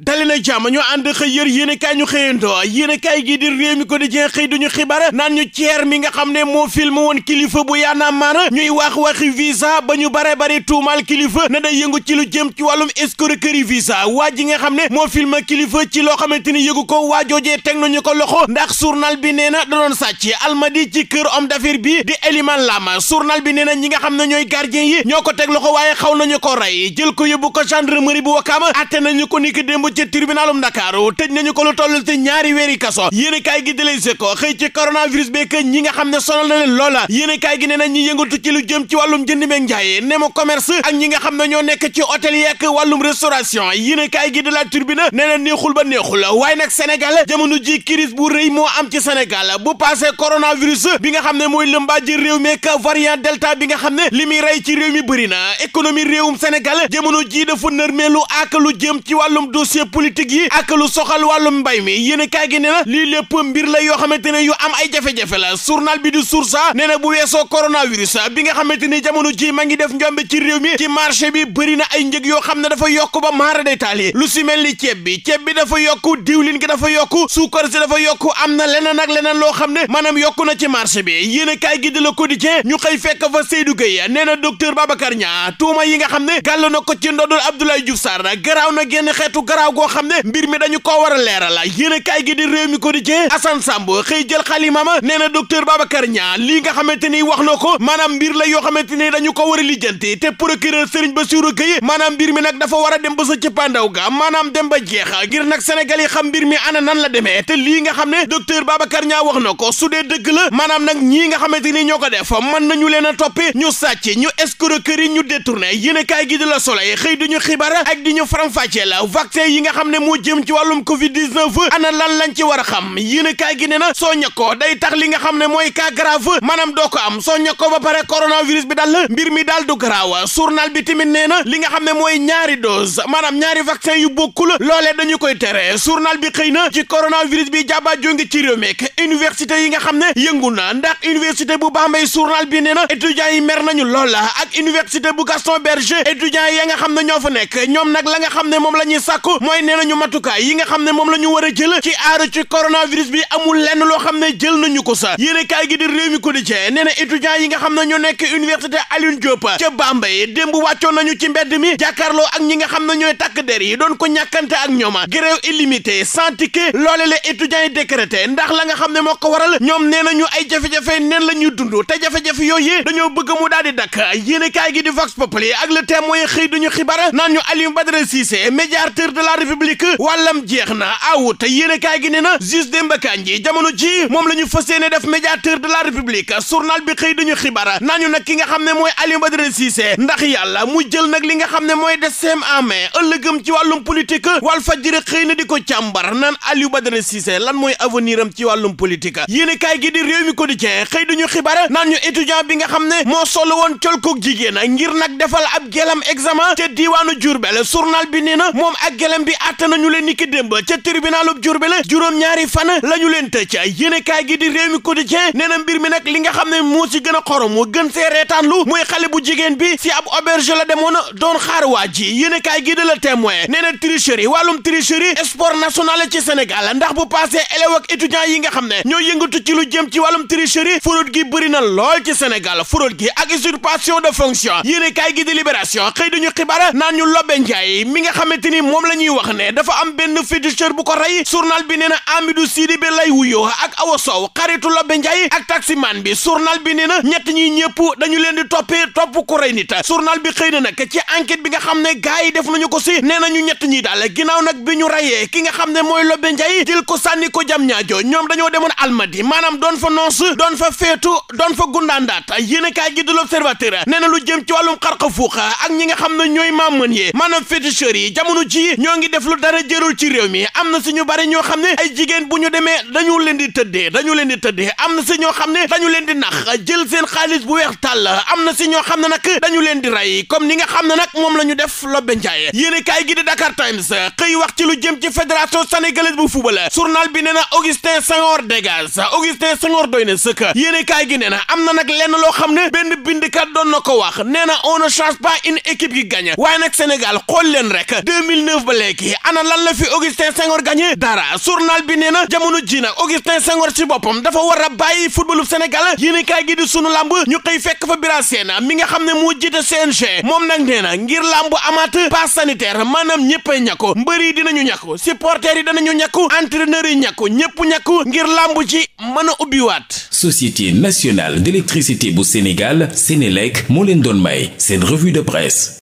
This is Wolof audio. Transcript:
dali na jàmm ñu ànd xëy yër yéen i kaay ñu xëyandoo yéen i kaay gi di réew mi ko di jeex xëy duñu xibaar naan ñu ceer mi nga xam ne moo film woon kilifa bu yaana maar ñuy wax waxi visa ba ñu bare bari tuumaal kilifa ne day yëngu ci lu jëm ci wàllum escroquerie visa waa ji nga xam ne moo film kilifa ci loo xamante ni yëgu ko waa joojee teg nañu ko loxo ndax journal bi nee na da doon sàcc almadi ci kër homme d'affaires bi di Eliman Lama journal bi nee na ñi nga xam ne ñooy gardien yi ko teg ko rey jël ko yóbbu ko gendarmerie bu wakaama atte nañu ko niki ca tribunalum Ndakaaru tëj nañu ko lu toll te ñaari weeri kaso yéen kaay gi dale si ko xëy ci coronavirus beek ñi nga xam ne solo na leen loola yéen kaay gi nee na ñi yëngatu ci lu jëm ci wàllum jënd meeg njaay ne mu commerce ak ñi nga xam ne ñoo nekk ci hôtel yi ak wàllum restauration yéen kaay gi de la tribune nee na neexul ba neexul waaye nag Sénégal jamono ji crise bu rëy moo am ci Sénégal bu passé coronavirus bi nga xam ne mooy lëmbaaji réew meek variant delta bi nga xam ne li muy rey ci réew mi bëri na économie réewum Sénégal jamono ji dafa nërmeelu ak lu jëm ci wàllum dus dossier politique yi ak lu soxal wàllum mbay mi yéen kaay gi nee lii lépp mbir la yoo xamante ne yu am ay jafe-jafe la journal bi di Source A nee na bu weesoo coronavirus bi nga xamante ni jamono ji ma ngi def njombe ci réew mi ci marché bi bëri na ay njëg yoo xam ne dafa yokk ba maara day taal lu si mel ni ceeb bi ceeb bi dafa yokku diwlin ki dafa yokk suukar si dafa yokku am na leneen ak leneen loo xam ne maanaam yokk na ci marché bi yéen kaay gi di Le Quotidien ñu xëy fekk fa Seydou Gueye nee na docteur Babacar Niang tuuma yi nga xam ne gàll na ko ci ndodul Abdoulaye Diouf Sarr garaaw na génn xeetu garaaw garaaw goo xam ne mbir mi dañu ko war a leeral la yéen a kaay gi di réew mi quotidien Assane Samb xëy jël xalimama nee na docteur Babacar ñaa lii nga xamante ni wax na ko maanaam mbir la yoo xamante ni dañu ko war a lijjanti te procureur Serigne Bassirou Gueye maanaam mbir mi nag dafa war a dem ba sa cëppaandaw ga maanaam dem ba jeexa ngir nag Sénégal yi xam mbir mi ana nan la demee te lii nga xam ne docteur Babacar ñaa wax na ko su dee dëgg la maanaam nag ñii nga xamante ni ñoo ko def mën nañu leen a toppe ñu sàcc ñu escroquerie ñu détourné yéen a kaay gi di la Soleil xëy di ñu xibaar ak di ñu faram-fàccee la yi nga xam ne moo jëm ci wàllum covid 19 ana lan lañ ci war a xam yéenekaay gi ne na soo ñàkkoo day tax li nga xam ne mooy cas grave maanaam doo ko am soo ñàkkoo ba pare coronavirus bi dal mbir mi daal du garaaw journal bi tamit nee na li nga xam ne mooy ñaari dose maanaam ñaari vaccin yu bokkul loolee dañu koy tere journal bi xëy na ci coronavirus bi jàbaa jóngi ci réew meek université yi nga xam ne yëngu na ndax université bu Bambey journal bi nee na étudiants yi mer nañu loola ak université bu Gaston Berger étudiants yi nga xam ne ñoo fa nekk ñoom nag la nga xam ne moom la ñuy sàkku mooy nee ñu matukaay yi nga xam ne moom la ñu war a jël ci aaru ci coronavirus bi amul lenn loo xam ne jël nañu ko sa yéene kaay gi di réew mi quotidien nee na étudiants yi nga xam ne ñoo nekk université Alioune Diop ca Bambey démb wàccoon nañu ci mbedd mi jàkkaarloo ak ñi nga xam ne ñooy takk der yi doon ko ñàkkante ak ñooma grève illimité sans ticket loole la étudiants yi décrété ndax la nga xam ne moo ko waral ñoom nee nañu ay jafe-jafe neen la ñuy dund te jafe-jafe yooyu dañoo bëgg mu daal di dakk yéene kaay gi di Vox Populi ak le témoin xëy duñu xibaar naan ñu Aliou Badara Cissé médiateur de la la république wàllam jeex na aw te yéen a kaay gi ne na juge Demba Kandji jamono ji moom la ñu fas yéene def médiateur de la république journal bi xëy xibara xibaar ñu nag ki nga xam ne mooy Aliou Badara Cissé ndax yàlla mu jël nag li nga xam ne mooy desem amee ëllëgëm ci wàllum politique Walf Fadjri xëy na di ko càmbar naan Aliou Badara Cissé lan mooy avenir am ci wàllum politique yéen a gi di réew mi quotidien xëy dañu xibaar naan ñu étudiant bi nga xam ne moo solo woon col ko jigéen ngir nag defal ab gelam examen ca diwaanu Diourbel journal bi nee na moom ak gelam système bi àtte leen ni ki démb ca tribunalub Diourbel juróom-ñaari fan la ñu leen tëj yéenekaay gi di Rewmi Quotidien nee na mbir mi nag li nga xam ne moo si gën a xorom mu gën see reetaanlu muy xale bu jigéen bi si ab auberge la demoon doon xaar waa ji yéenekaay gi de la témoin nee na tricherie wàllum tricherie sport national ci Sénégal ndax bu passé élèves ak étudiants yi nga xam ne ñoo yëngatu ci lu jëm ci wàllum tricherie fraude gi bëri lool ci Sénégal wax ne dafa am benn féticheur bu ko rey journal bi nee na Amidou Sidibé lay wuyoo ak Awa Sow xaritu Lobé Ndiaye ak taximan bi journal bi nee na ñett ñi ñëpp dañu leen di toppee topp ku rey nit journal bi xëy na nag ci enquête bi nga xam ne gars yi def nañu ko si nee nañu ñett ñi daal ginnaaw nag bi ñu reyee ki nga xam ne mooy Lobé Ndiaye jël ko sànni ko jam ñaajo ñoom dañoo demoon Almadi maanaam doon fa noos doon fa feetu doon fa gundaandaat a kaay gi di l'Observateur nee na lu jëm ci wàllum yi ngi def lu dara jërul ci réew mi am na si ñu bari ñoo xam ne ay jigéen bu ñu demee dañu leen di tëddee dañu leen di tëddee am na si ñoo xam ne dañu leen di nax jël seen xaalis bu weex tàll am na si ñoo xam ne nag dañu leen di rey comme ni nga xam ne nag moom la ñu def lobbe njaay yéene kaay gi di Dakar Times xëy wax ci lu jëm ci fédération sénégalaise bu football journal bi ne na Augustin Senghor dégage Augustin Senghor doy na sëkk yéene kaay gi nee na am na nag lenn loo xam ne benn bindkat doon na ko wax nee na on ne change pas léegi ana lan la fi Augustin Senghor gagné dara journal bi nee na jamono ji nag Augustin Senghor ci boppam dafa war a bàyyi footballu Sénégal yéen kaay gi di sunu lamb ñu xëy fekk fa Bira Sène mi nga xam ne moo seen CNG moom nag nee na ngir lamb amaat pass sanitaire maanaam ñëppay ñàkku mbër yi dinañu ñàkku supporters yi danañu ñàkku entraîneurs yi ñàkku ñëpp ñàkku ngir lamb ci mën a ubbiwaat. Société nationale d'électricité bu Sénégal Sénélec moo leen doon may seen